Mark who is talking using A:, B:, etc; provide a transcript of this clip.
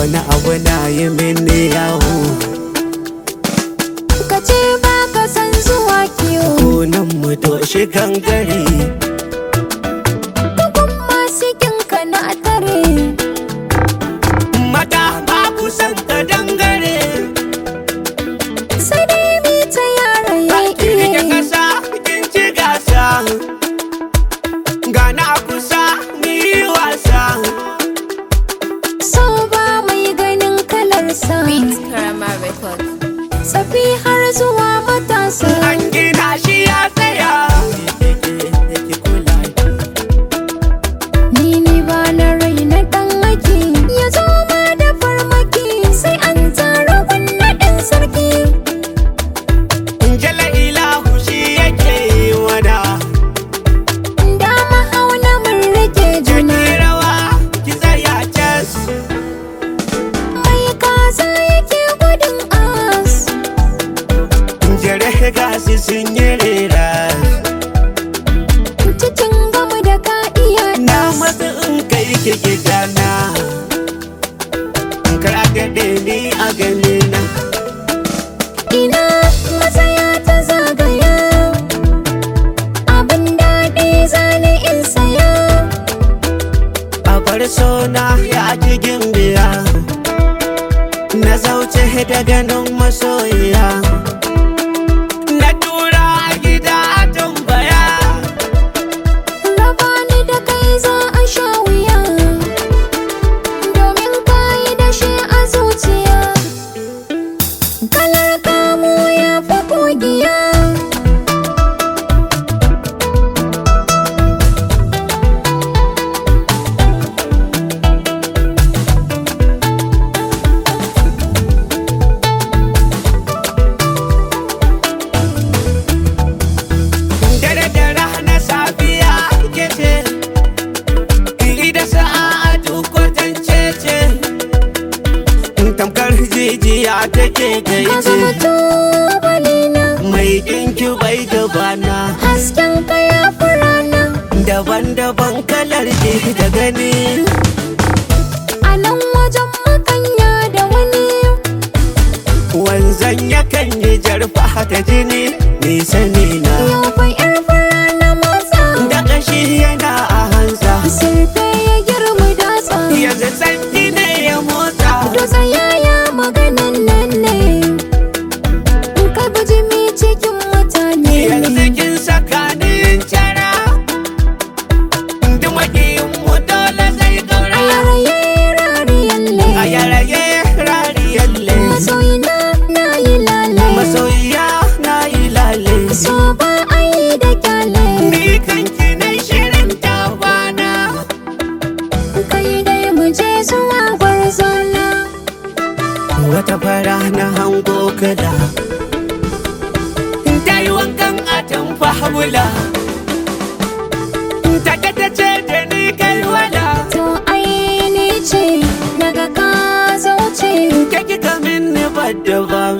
A: wani abu na yi mini yahu ka ce ba ka san zuwa kiwo nan mu to shi kan Records. Safi har zuwa ganina ina matsaya ta zagaya abin daɗi zane in saya a bar sona ya jigin biya na zauce da ganin masoyiya tamkar jijiya take ta yi ce mai ɗinki bai gabana hasken kaya furana daban-daban kalar ke da gani a nan wajen makanya da wani wanzan yakan yi jarfa ta jini nisa ne wata fara na hango kada ta yi wankan atan fahimula ta ta ce da ni kai wala to ai ce daga ka zo ce kake kamin ni ba da ba